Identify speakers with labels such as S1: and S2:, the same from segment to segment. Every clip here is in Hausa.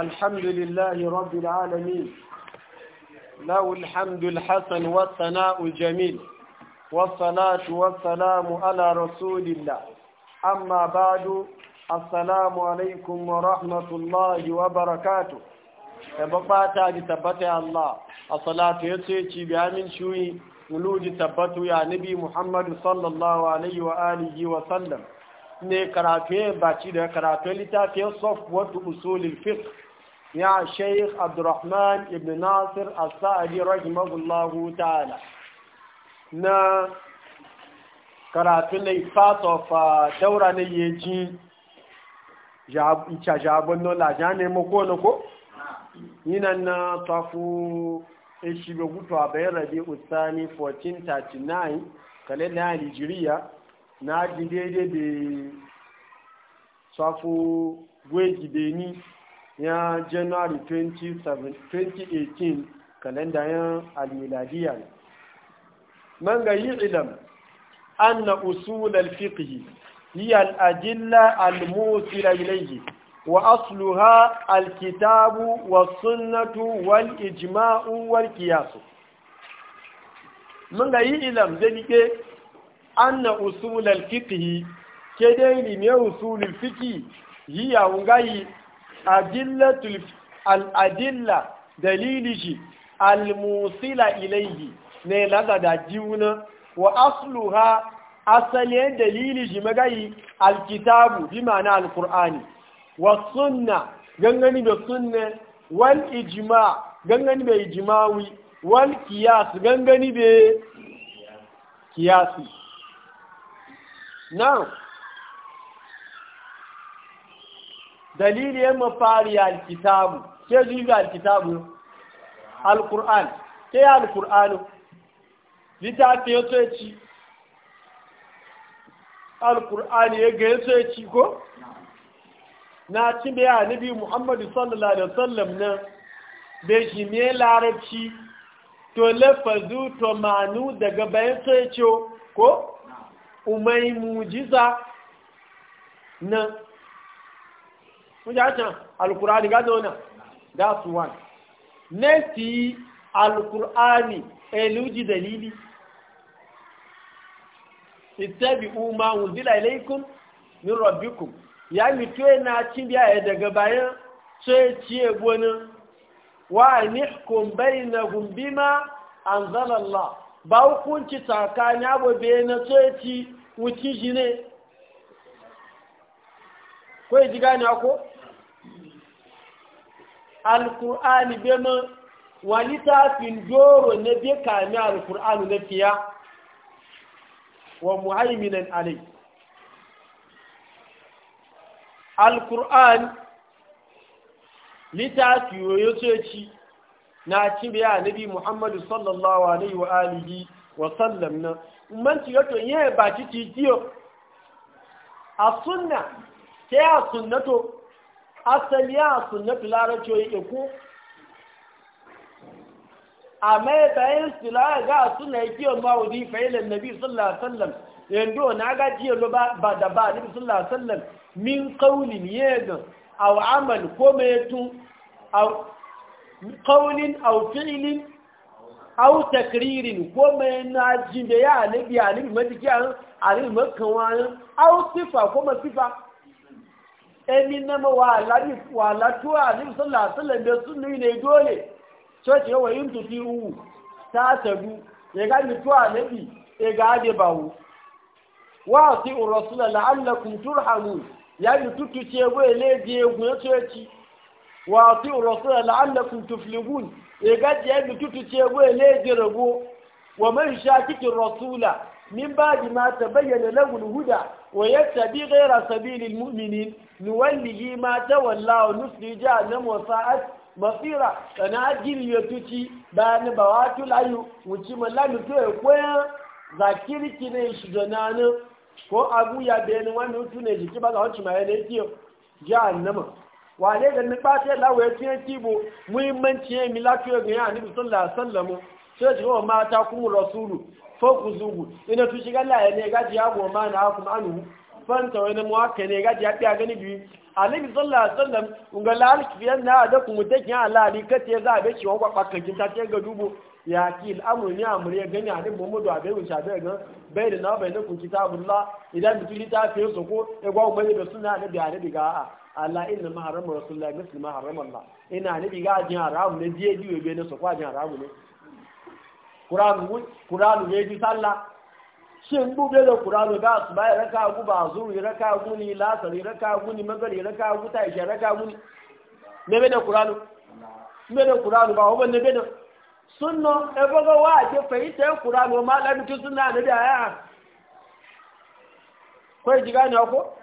S1: الحمد لله رب العالمين له الحمد الحسن والثناء الجميل والصلاة والسلام على رسول الله أما بعد السلام عليكم ورحمة الله وبركاته تبقى تبتع الله الصلاة يسيتي بأمن شوي ولود تبتع يا نبي محمد صلى الله عليه وآله وسلم ne karatu ya ba ci da karatu littafin soft wato ya شيخ عبد الرحمن بن ناصر السعدي رحمه الله تعالى نا na part of daura ne ya ji ita jabon nola ja ne mako na ko? yinan na tafu ishibe gutu a bayan rabi ustani 1439 kalenda nigeria na ji daidai da tafu gwe gideni ya january 2018 kalenda ya al-miladiya man ga yi ilam anna usul al-fiqh hiya al-adilla al-musila ilayhi wa asluha al-kitabu wa sunnatu wal-ijma'u wal-qiyas man ga yi ilam zalike anna usul al-fiqh kedai ne usul al-fiqh hiya ngai adillatul al'adilla dalili shi almusila ilaihi ne laga da jiuna wa asluha asalin dalili shi magayi alkitabu bi ma'ana alkur'ani wa sunna gangani da sunna wal ijma gangani da ijmawi wal qiyas gangani da qiyasi now dalili ya mafari alkitabu ke zuwa alkitabu alkur'an ke alkur'anu littafi ya tsoci alkur'ani ya ga ya ko na cin da ya nabi muhammadu sallallahu alaihi wasallam na da shi ne larabci to lafazu to manu daga bayan tsoci ko umai mujiza na mun ja can alkur'ani ga zauna that's one next alkur'ani eluji dalili ittabi'u ma unzila ilaykum min rabbikum ya mi to na cin biya daga bayan sai ciye gona wa nihkum bainahum bima anzala Allah ba hukunci tsakani abu bayan sai ci wuci jine ko ya ji gane alquran alkur'ani bai man wani tafin doro na bai kami alkur'ani na fiya wa muhaiminan alai alkur'ani littafi yoyo soci na cibiya nabi muhammadu sallallahu alaihi wa alihi wa sallam na umarci yato yi ba ci titiyo a sunna ke a sunnato asali a sunnato larabci ya ku a mai bayan sila ga suna yi kiyon ma'udi fa'ilin nabi sallallahu alaihi wasallam yando na ga jiya ba da ba nabi sallallahu alaihi wasallam min kaunin yadda a amal ko mai tun aw qawlin aw fi'lin aw takririn ko mai na jinde ya nabi alibi madiki an alibi makan wani aw sifa ko ma sifa ẹni nẹ́mọ̀ wà látúwà nípsọ́lá sílẹ̀dẹ̀ súnú ilẹ̀ ìdóòlè ṣọ́ọ̀tí yóò wọ̀nyí tó fi sí ní tútù tí ẹgbẹ́ ẹlẹ́dì egun ẹ̀tọ́ ẹ̀tì wà sí òrọ̀sílẹ̀ ẹ̀gá ní tútù tí ẹgbẹ́ ẹlẹ́dì rẹ̀gbó wọ̀mẹ́ ìṣe rasula. من بعد ما تبين له الهدى ويتبي غير سبيل المؤمنين نوله ما تولى ونصلي جهنم وساءت مصيرا انا اجل يتوتي بان بواتو لايو وتي ملا نتو اكويا zakiri kine shigananu ko abu ya bayani wani hutu ne jiki ba za wanci ma yana kiyo wa wane ga ni ba sai lawo ya tiye kibo muhimmanci ya mi lafiya ga ya annabi sai shi mata kuma rasulu foku zugu ina tu shiga la ne gaji ya goma na fanta wani ne gaji ya fiya gani biyu sallallahu alaihi wasallam ni kace za a ga shi wani kwakkakin ta ce ga dubo ya ki al'amuri ne ya gani Muhammadu e a bai wuce da ga na bai na ku kitabullah idan mutum ta ko ya ga Allah inna ma muslima Allah ina ajin kuranu ya ji sallah shin bube da kuranu ga su bai raka gu ba zuri raka guni lasari raka guni magari raka gu ta ishe raka guni ne bai da kuranu ne da kuranu ba wani bai da sunno e boga wa ke fahimta kuranu ma labi tun sunna ne da ya kai ji gane ko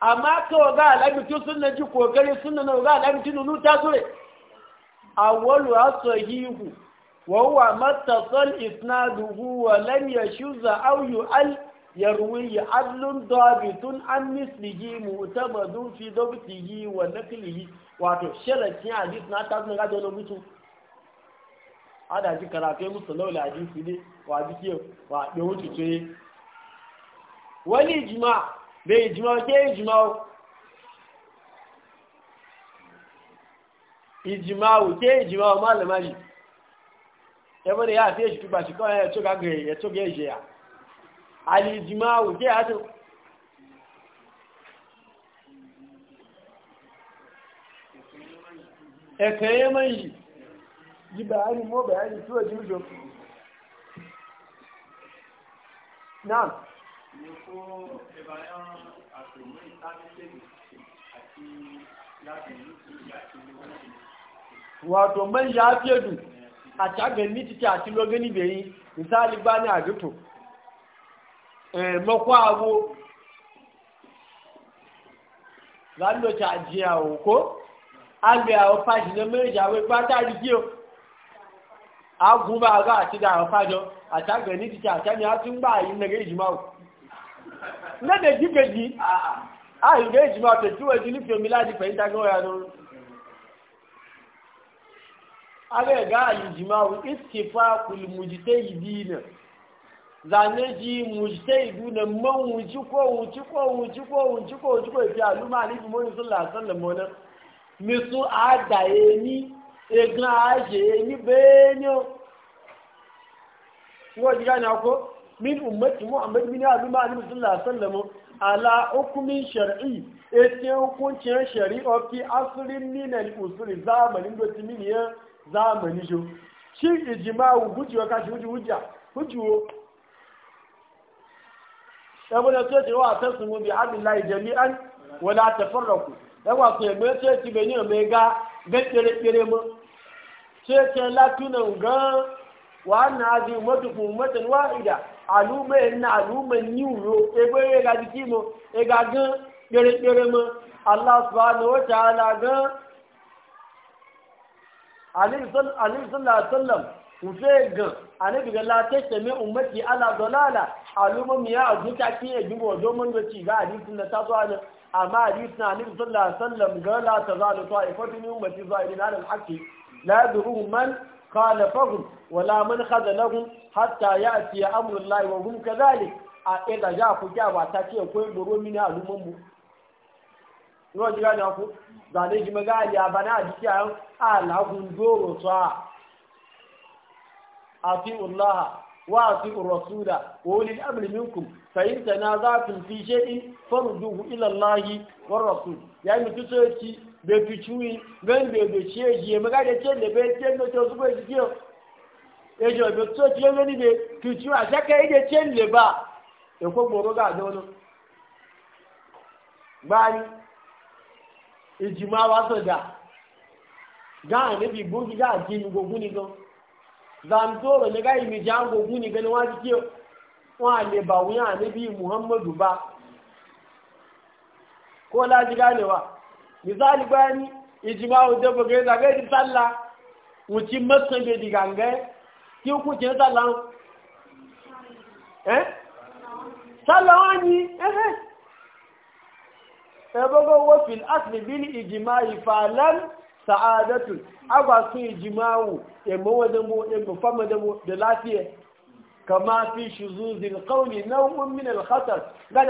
S1: amma kawai ga alabi tun sunna ji kokari sunna na ga alabi tun nunu ta zure awwalu asahihu wa huwa mattasal isnaduhu wa lam yashuz aw yu'al yarwi adlun dabitun an mislihi mu'tabadun fi dabtihi wa naqlihi wato sharatin hadis na ta zan gado na mutu ada ji karatu musu laula hadisi ne wa bike wa da wuce ce wani ijma bai ijma ke ijma ijimawu ke ijimawu malamari yabo da ya fi shi tuba shi kawai ya tuka ga ya tuka ya ya ali ijimawu ke hatu ẹ̀kẹ́yẹ mẹ́yìn yí bayani mọ́ bayani tí ó jíjọ náà ni kó ẹ̀bàyàn àtòmọ́ wọ́n ti wato man ya fiye du a cagan nititi a cilo gani bai misali ba ni a gito eh, makwago lálọ́ tí a jẹ àwọn òkó agbẹ̀ àwọn fàájì ní méjì àwọn ipá tàbí kí o agúnbà àgbà àti àwọn fàájọ àtàgbẹ̀ ní títà àtàmì á tún gbà yìí aga ga alijima'u istifakul mujtahidina zane ji mujtahidu na man wuci ko wuci ko wuci ko wuci ko wuci ko fi aluma ni bi mun sallallahu alaihi wasallam mona mi su adaye ni egan aje ni benyo ngo diga na ko min ummati muhammad bin aluma ni sallallahu alaihi wasallam ala hukumin shar'i ete hukuncin shari'a fi asrin min al-usul zamanin da timiniya zamani jo shi ijimawu gujiwa kashi wuce hujja hujjuwo ɗabu da tsoci wa ta su mubi abdullahi jami'an wala ta farraku ɗan su yamma tsoci bai mai ga gan ƙere-ƙere mu tsoci latunan gan wa na azi ummatu ku wa'ida aluma na aluma niuro ebe ya e ga jiki ya e ga mu allah alaihi sallallahu sallam kufe ga anabi ga latai sami ummati ala dalala alumum ya azuka ki e wa domin da ci ga hadisin da ta zo ana amma da anabi sallallahu sallam ga da tazalu ta'ifatu min ummati zahirin ala al-haqqi la yadruhum man khalafahum wala man khadalahum hatta ya'ti amru allahi wa hum kadhalik a ida ja ku ba ta ce ko goro mini alumum ní wọ́n ti rá ní ọkú gbàlejò mẹ́gá àlè àbáná àdìsí àrùn àlàgùn dóòrò tó a àti ọláhà wà àti ọ̀rọ̀súdà òní àbìlì minkum fẹ̀yìn tẹ̀nà záàtùn fi ṣe in fọ́rùdùhù ìlàláyí wọ́rọ̀sù ya yi mutu sai ci bai fi cuyi gan bai bai ce a ya gbani ìjìmọ̀ àwọn sọ̀dà gáà níbi gbógi gáà jí gbogún nìkan zantoro ní gáà ìmì jà gbogún nìkan ni wọ́n ti kí wọ́n lè bàwí hàn níbi muhammadu ba ko láti ganewa misali bayani ìjìmọ̀ àwọn dẹ́gbẹ̀ gẹ́gẹ́ zagaye sálà wọ́n sabago wafin asli bil ijma'i falan sa'adatu agwa su ijma'u e mawadan mu e mafama da mu da lafiya fi shuzuzil qawli naw'un min al khatar mu ga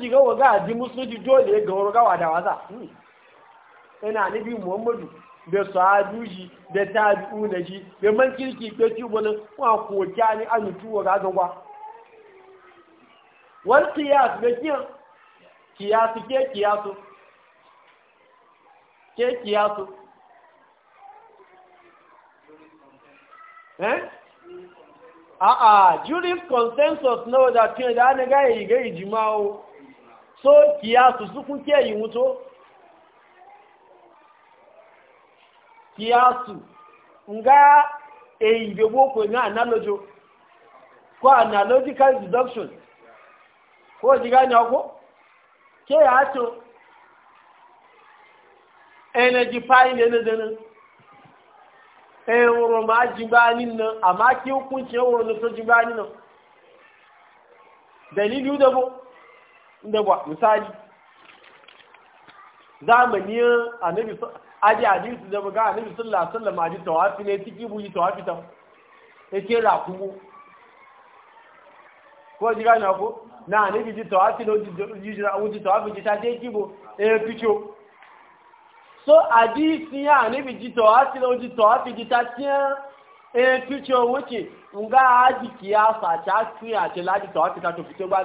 S1: ta ga na ji musu dole ga wurga wada waza hmm. ina muhammadu da sahabu shi da tabi'u na shi da man kirki ko tubunin wa ko kyani an mutuwa ga gwa wal qiyas da kiyan kiyasu, ke kiyasu? ke kiyasu? eh a'a juris consensus na wadatuwa da ana gaya yi ga ijimawo so kiyasu su kuke yi mutu kiyasu nga eyi be boko na analojo ko analogical deduction ko jigani ko ke ya to energy fine ne dana ehoro ma jigbani na ama ki ukun ti ehoro no to jigbani na dalili udabo ndabwa misali zamani annabi aji hadisi da buga annabi sallallahu alaihi wasallam aji tawafi ne tiki buji tawafi ta yake rakumu ko ji gani ko na annabi ji tawafi no ji ji tawafi ji ta je kibo eh ficho so hadisi ya annabi ji tawafi no ji tawafi ji ta tiya eh ficho wuce nga aji kiyasa ta tiya ce laji tawafi ta to ficho ba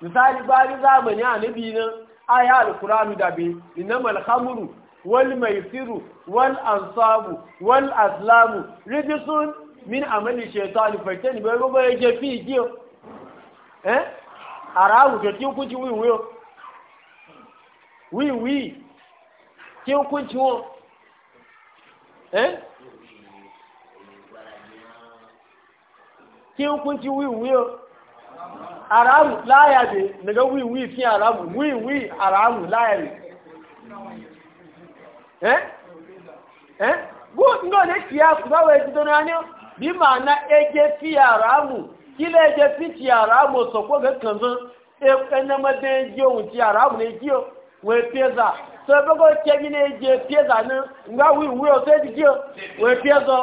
S1: misali ba ni a annabi nan aya alkuranu dabe innamal khamru wal maisiru wal ansabu wal azlamu rijsun min amali shaytan faytani be gogo je fi ji o eh arawu je ti ku ji wi wi o wi wi ti ku ji o eh ti ku ji wi wi o aramu láyàdé daga wíwí fi aramu wíwí aramu láyàdé ẹ́ ẹ́ gúúsù náà lè kí á kùbáwẹ̀ ìdídọ́ náà bí ma na ẹjẹ́ fi aramu kí lè ẹjẹ́ fi ti aramu sọ̀pọ̀ gẹ́kàn tán ohun ti na-eji sọ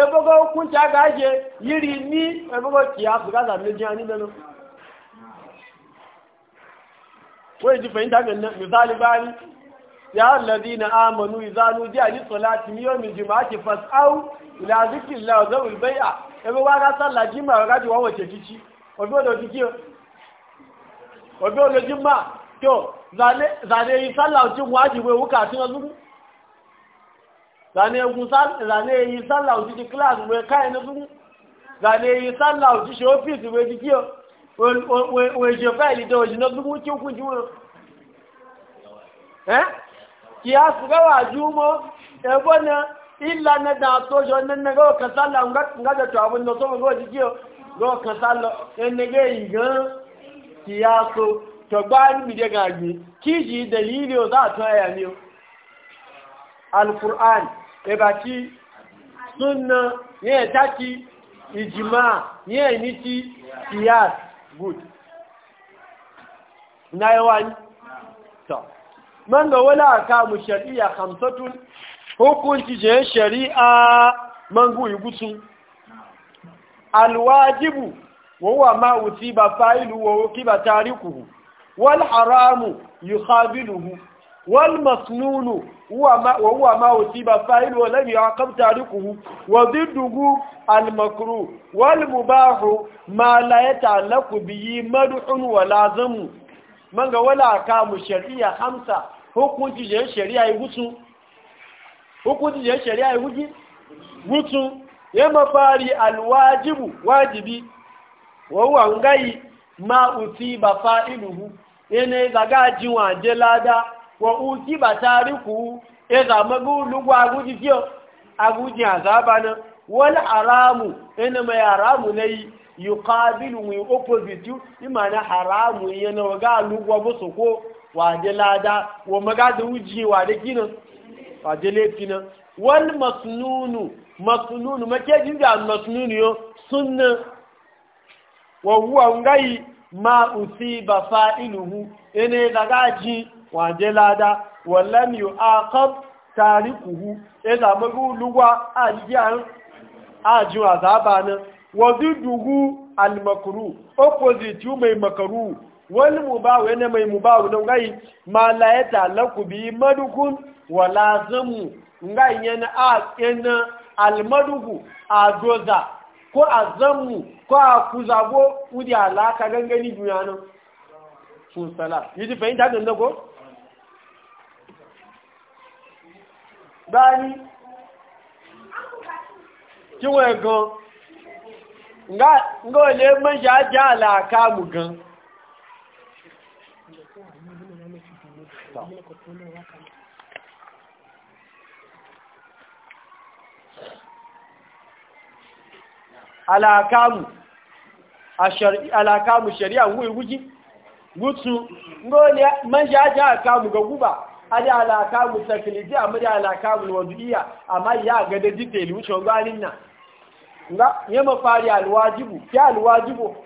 S1: ebogo kunci aka aje yiri ni ebogo ki afirka da meji ani belo wai ji fahimta ga misali bari ya allazi na amanu izanu ji ali salati miyo mi jima'ati fas'au ila zikrillah wa zawul bai'a ebogo aka sallah jima'a ga ji wa wace kici odo do kiyo odo do jima'a to zale zale yi sallah jin wajibi wuka tun azuku zane yi sallah ojú ti kíláàsì wẹ kai ní fún zane yi sallah ojú ṣe ọ́fíìsì wẹ ti kí ọ wẹ ṣe fáìlì tó ki náà dúkú tí ó kú jí wọn ẹ́ kí a sùgbọ́wà jú mọ́ ẹgbọ́n náà ìlà nẹ́dà na nẹ́nẹ́gọ́ kan sallah e ngájọ̀tọ̀ àwọn ọmọ tó wọ́n ti kí ọ gọ́ kan sallah ẹnẹgẹ́ ìgán kí a so tọ̀gbá nígbìdẹ́ gàgbé kí yìí dẹ̀lí ilé ọ̀dá àtọ́ ni ẹ̀bàtí súnà ní ẹ̀dá ti ìjìmá ní ẹ̀ní ti ìyàs good náíwá ní tọ̀ mọ́nàwó láàká mú ṣẹ̀ríyà hamsatun hukunci jẹ́ ṣẹ̀ríyà mangu igutu alwajibu wọ́wà máa wùtí bá fa'ilu wọ́wọ́ kí bá taríkù wọ́n haramu yìí والمصنون وهو ما أصيب فاعل ولم يعقب تاركه وضده المكروه والمباح ما لا يتعلق به مدح ولا ذم من ولا كام الشرعية خمسة hukunci jẹ́ ṣẹ̀ríà igúsùn hukunci jẹ́ ṣẹ̀ríà igúsùn yẹ́ ma fari alwajibu wajibi wọ́wọ́ ń gáyì ma ò tí bàfá ìlú wa uki ba tariku e ya zama gulugu a guji wani haramu ina mai haramu na yi yi kabilu mai opposite ima na haramu wa da wuji wade kinan wade laifi ma usiba fa'iluhu ene daga ji waje lada wallam yu aqab tarikuhu e da magu luwa ajiyan ajin azaba wa duduhu al makru opposite mai makru wal mubahu yana mai mubahu lakubi madukun wa lazamu ngai yana a kenan al maduhu a ko a zammu ko a kuzago alaka gangani duniya nan sun sala yi fahimta da nago báyí kí wọ́n gan ngọ́ ilé mọ́já jẹ́ gan àlàákàmù àlàákàmù ṣẹ̀rí àwọn ìwújí gúúsù ngọ́ ilé mọ́já jẹ́ adi alaka mu taklifi amma alaka mu wajibiya amma ya ga da jite li ganin na nga ya mafari alwajibu ya alwajibu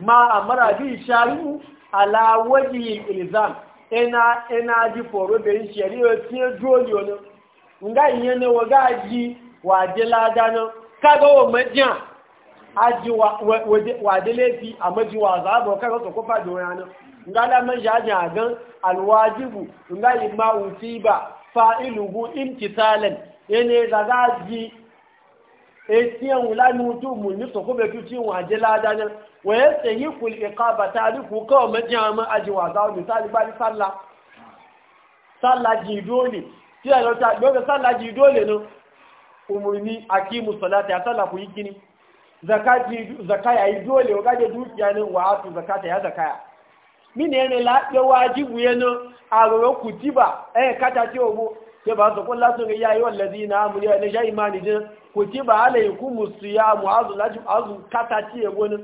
S1: ma amara bi sharu ala waji ilzam ina ina ji foro da yin shari'a ti nga ne kaga o majiya aji wa waje lefi amaji wa zabo kaga ko fa do yana nga la man a gan alwajibu nga yi ma usiba fa'iluhu imtisalan ene daga ji etiyan wula ni mutu mu ni so ko be tu tin wa je la da nan wa yastahiqu al-iqaba tariku ka ma jama aji wa za misali ba ni salla salla ji dole ti a lo ta do ga salla ji dole no umurni akimu salati ya salla ku yi gini zakati zakaya yi dole wa gaje dukiya ne wa atu zakata ya zakaya mine ne la e, ya wajibu yana a roro kutiba eh kata ce obo ke ba ya ya ne kutiba alaykum azu azu kata ce obo ne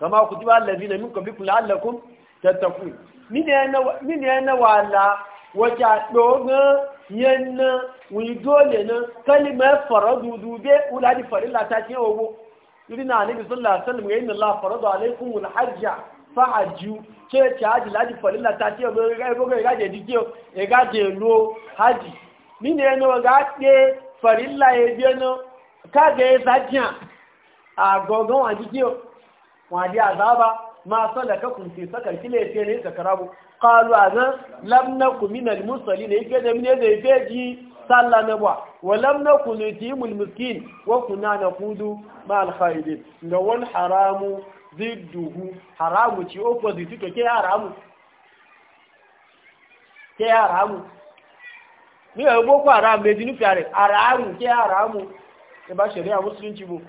S1: kama kutiba allazi na minkum bi kullu tattaqun mine ne mine ne wala wace dogon yanna wi dole ne kalimar faradu dube uladi farilla ta na ya inna allah faradu fáàjú kí ṣe ájì láti pọ̀lú látà tí ọmọ ẹgbogbo ìgbàjẹ̀ ìdíjí o ẹgbàjẹ̀ ìlú hajji nínú ẹnu ọ̀gá pé fọ̀rílà ebi ẹnu káàkẹ́ ìsájìyàn àgọ̀gán wà jíjí o wà dí àzába máa sọ́lẹ̀ kẹkùn sí sọ́kà sílẹ̀ tí máa haramu ziduhu haramu ci opposite to ke haramu ke haramu ni e bo haram be dinu fiare haramu ke haramu e ba sheri a muslim ci bu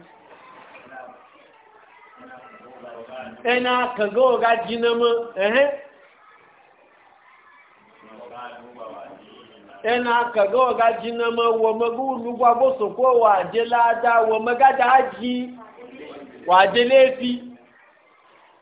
S2: ena ka
S1: go ga jinama eh ena ka go ga jinama wo magu lu gwa go so ko wa je la da wo ji wa fi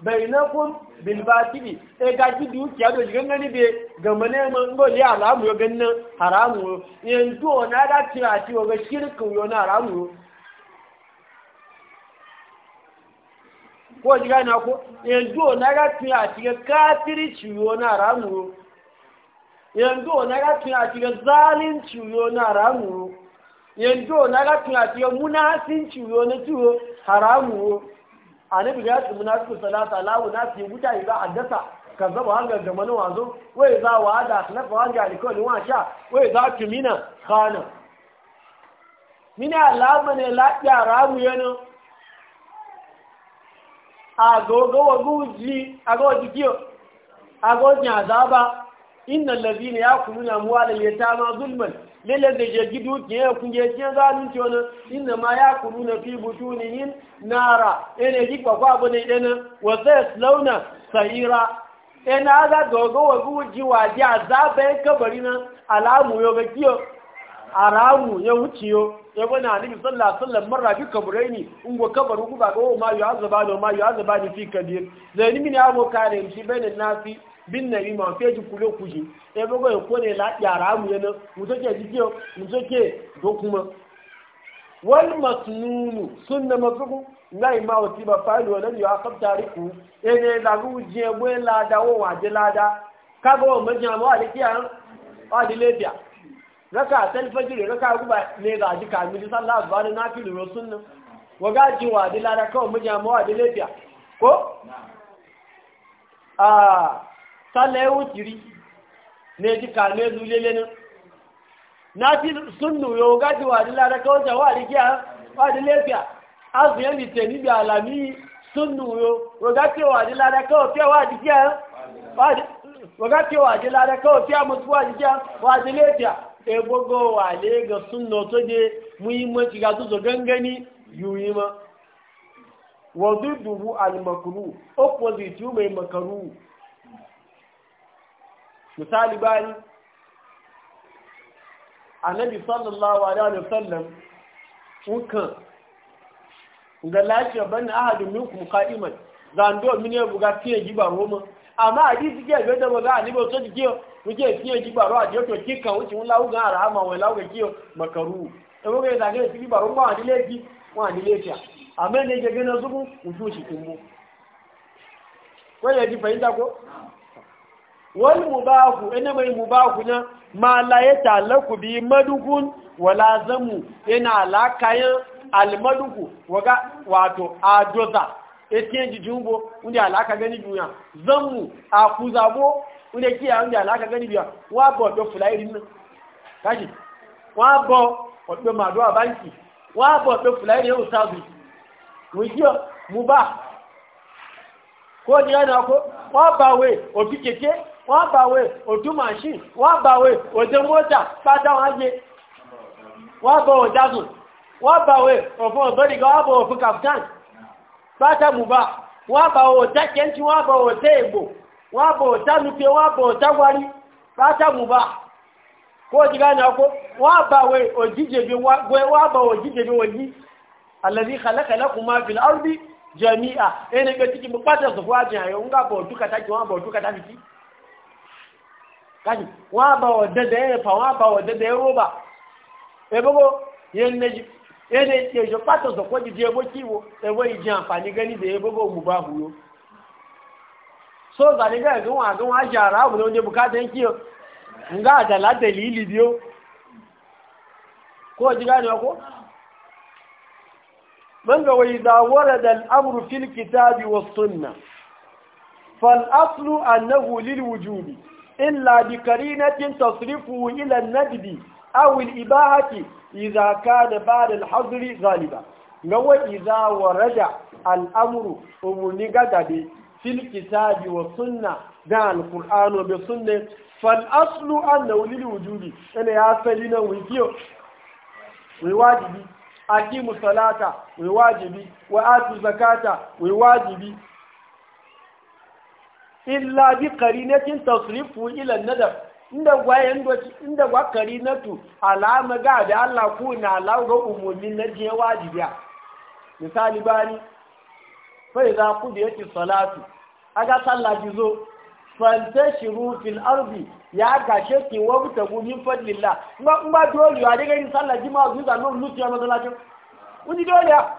S1: bainakum bil batili e ga ji dukiya do jigan gani be ga mane man go ya alamu yo gannan haramu yanzu ona da tira ti o ga shirku yo na haramu ko jiga na ko yanzu ona ga tira ti ga kafiri ci na haramu yanzu ona ga tira ti ga zalunci yo na haramu yanzu ona ga tira ti ga munafinci yo na tuwo haramu annabi ya ce munafiqu salata la munafiqu wuta idza haddasa kazzaba hanga da manu wazo wai za wa da khalafa hanga alkawli wa sha wai za mina khana mina alama ne la ya ramu yana agogo wa guji agogo kiyo agogo azaba innal ladina yakuluna amwalal yatama zulman lele da je gidu ke ya kunje ke zalunci wani inda ma ya kuru na fi butunihin nara ene ji kwakwa abu ne ɗana ya launa sahira ina e za dogo wa guji waje a zaɓe kabari na alamu yau ga kiyo aramu ya wuce yo ya e bana annabi sallallahu alaihi wasallam marra bi kabraini in go kabaru ku ba go oh, ma yu azaba do ma yu azaba ni fi kabir zai ni min abo kare shi bainan nasi bin nari ma fe ji kulo kuji e bogo e kone la yara mu yana muto ke ji kiyo muto ke do kuma wal masnunu sunna mafuku ngai ma wati ba fa'ilu wa lam yu'aqab tariku e ne da gu je bo la da wo wa je la da ka go ma jan mo ali kiya ali le biya raka tal fajr raka gu ba ne ga ji ka mi sallah ba na fi ro sunna wa ga ji wa de la da ka mo jan mo ali le biya ko ah sallah ya wutiri ne ji kame zulele nan na fi sun nuyo gaji wa dila da kawai jawa rigiya wa da lafiya azu ya mi teni bi alami sun nuyo roga ce wa dila da kawai fiya wa rigiya roga ce wa dila da kawai fiya mutu wa rigiya wa da lafiya e gogo wa le ga sun noto de muhimmanci ga su zo gangani yuyi ma wa dubu al makru opposite mai makaru misali bani annabi sallallahu alaihi wasallam kukan ga lafiya bani ahadun minkum qa'iman zando mine buga fiye giba roma amma hadisi ke ga da baga ni ba so dike muke fiye giba ro a to kika wuce mun lawo ga arama wai lawo ga kiyo makaru e bo ga da ga fiye giba ro ba ni leji wa ni leji amma ne ga gana zubu ujushi kumbu wai ji fahimta ko wal mubahu ina mai mubahu na ma la ya talaku bi madugun wala zamu ina la kayan almadugu waga wato adoza etiye jijumbo unde alaka gani biya zamu akuzabo unde kiya unde alaka gani biya wabo bo do fulairin nan kaji wa bo odo madu abanki wa do fulairin yau sabu mujiyo mubah ko ni ana ko wa bawe obi keke wọ́n bàwé òdú machine wọ́n bàwé òdó mọ́tà pátá wọ́n yé wọ́n bọ̀ ọ̀dágùn wọ́n bàwé òfin ọ̀bẹ́rìgá wọ́n bọ̀ òfin captain pátá mùbá wọ́n bàwé òtá kẹ́ntì wọ́n bọ̀ òtá ègbò wọ́n bọ̀ òtá nupe wọ́n bọ̀ òtá wárí pátá mùbá kó o ní ọkọ́ wọ́n bàwé òjíjẹ kaji wa ba wadda da ya fa wa ba wadda da ya roba e bugo yen ne e ne ti jo pato so ko bo ki wo e wo jan ni gani da e bugo mu ba huyo so ga ni ga ga wa ga wa jara mu ne bukata yin ki nga da la dalili biyo ko ji gani ko من هو إذا ورد الأمر في الكتاب والسنة فالأصل أنه للوجوب إلا بقرينة تصرفه إلى النجد أو الإباحة إذا كان بعد الحظر غالبا نو إذا ورجع الأمر ومنقدد في الكتاب والسنة دع القرآن وبالسنة فالأصل أنه للوجود أنا يا سلينا ويكيو ويواجبي أقيموا الصلاة ويواجبي وآتوا الزكاة ويواجبي illa bi qarinatin tasrifu ila nadar inda gwayen doci inda gwa qarinatu alama ga da Allah ku na Allah ga umumi na je wajibiya misali bani fa idza qudiyati salatu aga sallah jizo fantashiru fil ardi ya gashe ki buta gumin fadlillah ma ma dole ya daga yin sallah jima zuwa nan madala mazalacin uni dole ya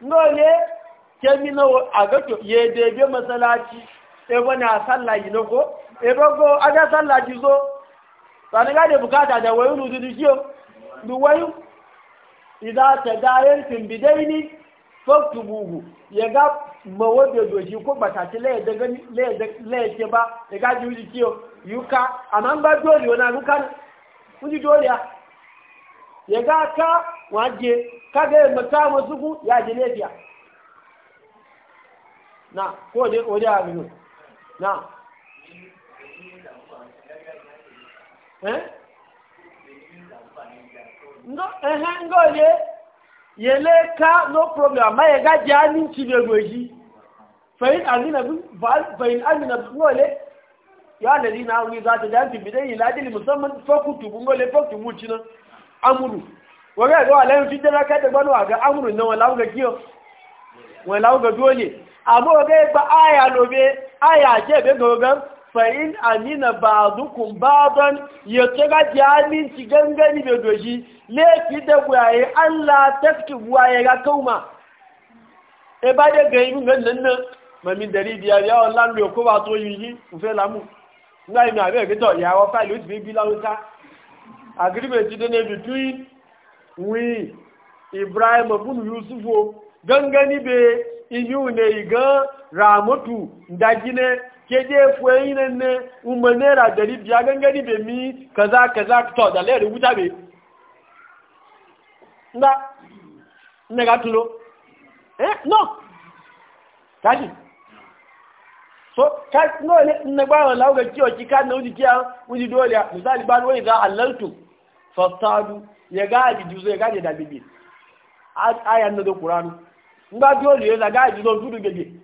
S1: ne? kemino a gato ya daidai masalaci ebo na sallah yi loko ebo go aja sallah ji zo sani ga da bukata da wayu lu dudu kiyo du wayu idan ta dayar ni, bidaini faktubuhu ya ga mawabe doji ko bata ti le daga le le ke ba ya ga ji ji kiyo yuka anan ba dole wona lukan kuji dole ya ya ga ka waje kaga mata musu ya ji lafiya na ko dai ko dai abinu náà. Eh? ehe ngoye yele ka no problem amma ya gaji hannun ci bai goji fahim amina ya na hannu za ta dafi bidai yi ladili musamman fakutu ngole amuru wani ga walayin fi jana kai da ga amuru na wala ga kiyo wala aya je be gogan fa in amina ba'dukum ba'dan ya taga ji aminci gangani be doji le fi da waye Allah tafki waye ga kauma e ba de ga yin nan nan mamin dari biya ya Allah lo ko ba to yi ku fe lamu ngai mi abe ke to ya wa fa lo ti bi lawuta agreement de ne between we Ibrahim ibn Yusuf gangani be iyu ne igan ramotu dagine ke je fuyi nan ne umma naira dari biya gangari be mi kaza kaza to da lere wuta be nda ne ga tulo eh no kaji so ka no ne ne ba wa lauga kiyo ki kan na uji kiya uji dole misali ba wani za halaltu fastadu ya ga bi juzo ya ga da bibi aya na da qur'anu nda dole ya ga ji don tudu gege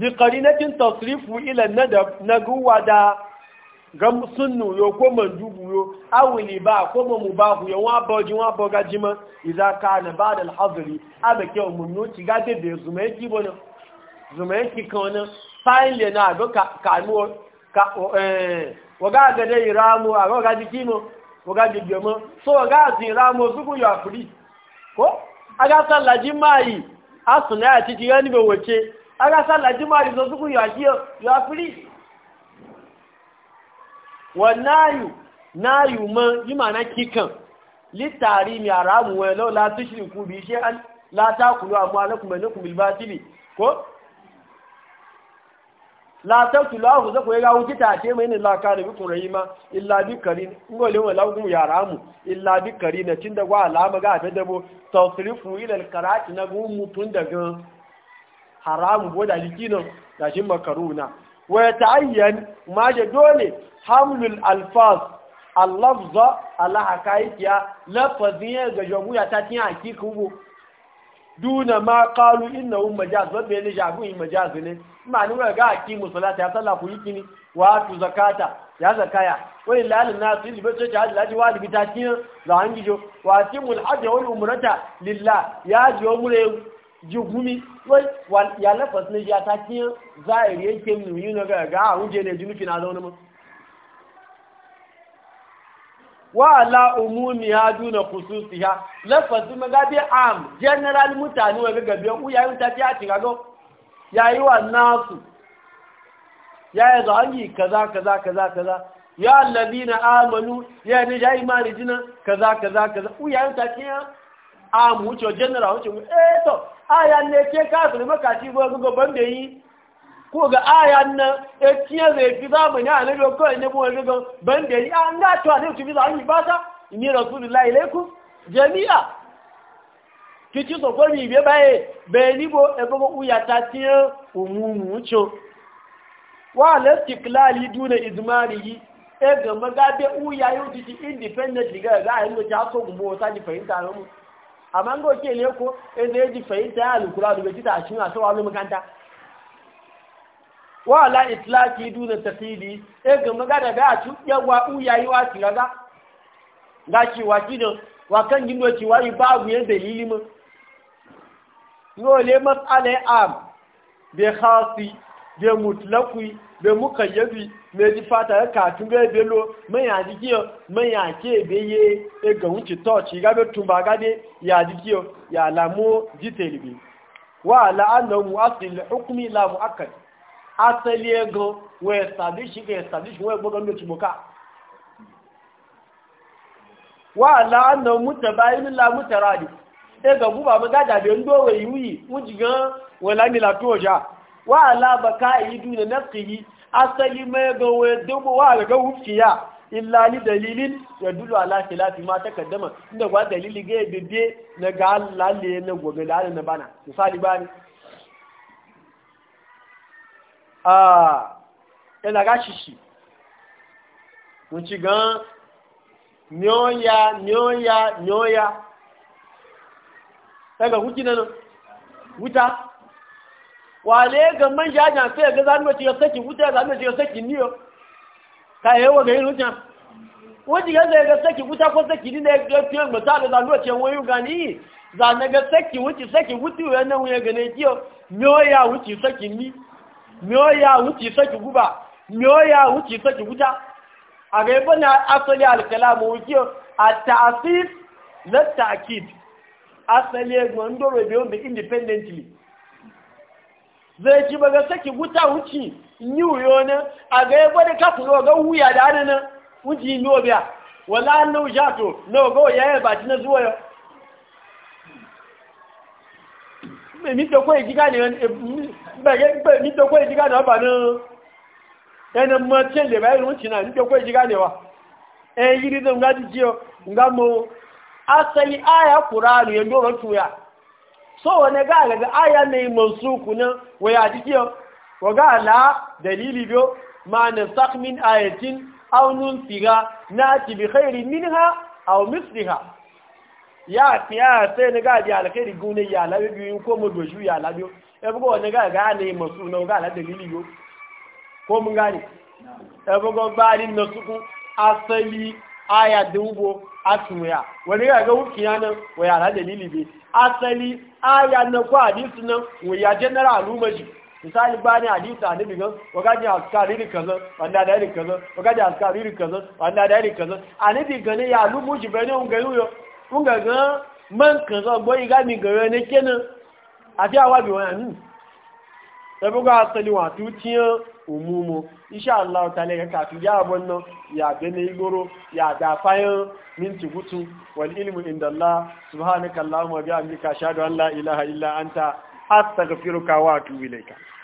S1: bi qarinatin tasrifu ila nadab naguwa da gam sunnu yo ko mandubu awuli awli ba ko mu ba yo wa bo ji wa bo ga jima idza kana ba'da al-hadri aba ke mu no ti ga de de zuma ki bona zuma ki kona file na do ka ka mu ka eh waga ga dai ramu a waga ji kimo waga ji gemo so waga ji ramu su ku ya furi ko aga sallaji mai asuna ya ti ga ni be wace ara sallah juma'a da suku ya ki ya firi Wa nayu ma yi mana kikan litari mi aramu wa law la ku bi shay'an la taqulu amwalakum bainakum bil batili ko la taqulu ahu za ku ga wuci tace mai ne la kana rayi ma illa bi karin ngole wa lagum ya ramu illa bi karin da wa alama ga ta dabo tawsrifu ila al karati na gumu tun daga haramu ko da jiki nan da shi makaruna wa ya ta'ayyan ma da dole hamlul alfaz allafza ala hakayikiya lafazin ya ga jagoya ta tiya hakika hugo duna ma qalu innahu majaz wa shagun jabu majaz ne ma'ani wa ga aqimu salata ya salla ku yikini wa tu zakata ya zakaya wa lil nas li bi ta hajji wa bi ta tiya za an gijo wa timul hajj wal umrata lillah ya ji mure jigumi wai ya lafas ne ya ta kiyan zahiri yake mu yi na gaga a huje ne jinufi na zaune mu wa ala umumi ha duna khususi ha lafas ma gabi am general mutane wa gaga biyan uya yin ta ta ci ga go yayi wa nasu yayi hangi kaza kaza kaza kaza ya alladina amanu ya ni ya imani jina kaza kaza kaza uya yin ta kiyan am wuce general wuce eh to aya ne ke kafin makaci ko gaban da yi ko ga aya na e tiye zai fi zamani a nabi ne bo ne ban da yi an ga to ne ku bi zamani ba ta ni rasulullahi ilaikum jami'a kiti so ko ni be baye be ni bo e bo uya ta umumu wa duna e ga magabe uya yau independent ga ga mu amma ga oke ne ko inda ya ji fahimta ya alukura da bai a cikin asawa wani makanta wa ala itlaki duna tafili e ga magana da ga cu yawa u yayi wa tiraga ga ki wa kido wa kan gindo ci wa yi babu yan dalili mu no le mas'ala am bi khasi be mutlaqi be muqayyadi me ji fata ya katun ga belo man ya ji kiyo man ya ke beye e ga wuce to ga be tumba ga de ya ji kiyo ya lamu ji telibi wa la annahu mu'assil hukmi la mu'akkad asali ego we establish ga establish we gbo gando ci wa la annahu mutabayin la mutaradi e ga guba ba ga da be ndo we yi wuji gan wala mi la toja wa ala yi duna nafsihi asali mai ga dubu wa ga wufiya illa li dalilin yadullu ala khilafi ma takaddama inda ba dalili ga bibbe na ga lalle na gobe da na bana misali bani ah ina ga shishi mun ci gan nyoya nyoya nyoya daga hukina wuta wale ga man ja ja sai ga zan mace ya wuta zan mace ya saki niyo ka yi wa ga yin wuta wani ga zai ga saki wuta ko saki ni ne ga fiye ga ta da zan mace wayu gani za na ga saki wuci saki wuti wa nan wuya ga ne kiyo miyo wuci saki ni miyo ya wuci saki guba miyo wuci saki wuta a ga yabo na asali alkalamu wukiyo a ta'asif na ta'akid asali ya ndoro biyo da independently zai ci baga saki guta wuci ni wuyo ne a ga ya gwada ka ga wuya da ana nan wuci ni obiya wala an nau jato na ga ya yi baci na zuwa ya giga ne bai mi dako ya giga ne ba nan yana mace le bayan wuci na mi dako ya giga ne wa eh yiri zan gaji jiyo nga mo asali aya kuranu ya doron tuya so wane ga daga aya mai mansuku nan waya jiki wa ga ala dalili biyo ma nasakh min ayatin siga na nati bi khairin minha aw ha ya ya sai ne ga di alkhairi gune ya labi biyu ko mu doju ya labi ebugo wane ga ga ga yi masu nan ga la dalili biyo ko mun gani ebugo bugo ba ni nasuku asali aya dubu asuya wani ga ga wukiya nan waya ra dalili be asali aya na ko hadisi nan wuya general alumaji misali bani hadisi annabi ga waga ji askari ri kaza wanda da ri kaza wakajin ji askari kaza wanda da ri kaza annabi ga ne ya alumuji bane un ga yuyo un ga man kaza boyi ga mi ga ne kenan ati awabi wani ẹgbẹ́gbẹ́ asẹ́lẹ̀wọ̀n àti tíyàn òmúmu iṣẹ́ aláwọ̀tálẹ̀ kẹta àti ìyá àbọ̀ náà yàgbẹ́ ní igbóró yàgbẹ́ afáyán minti gutu wal ilmu inda Allah subhanaka Allahumma bi allah ashhadu an la ilaha illa anta astaghfiruka wa atubu ilayka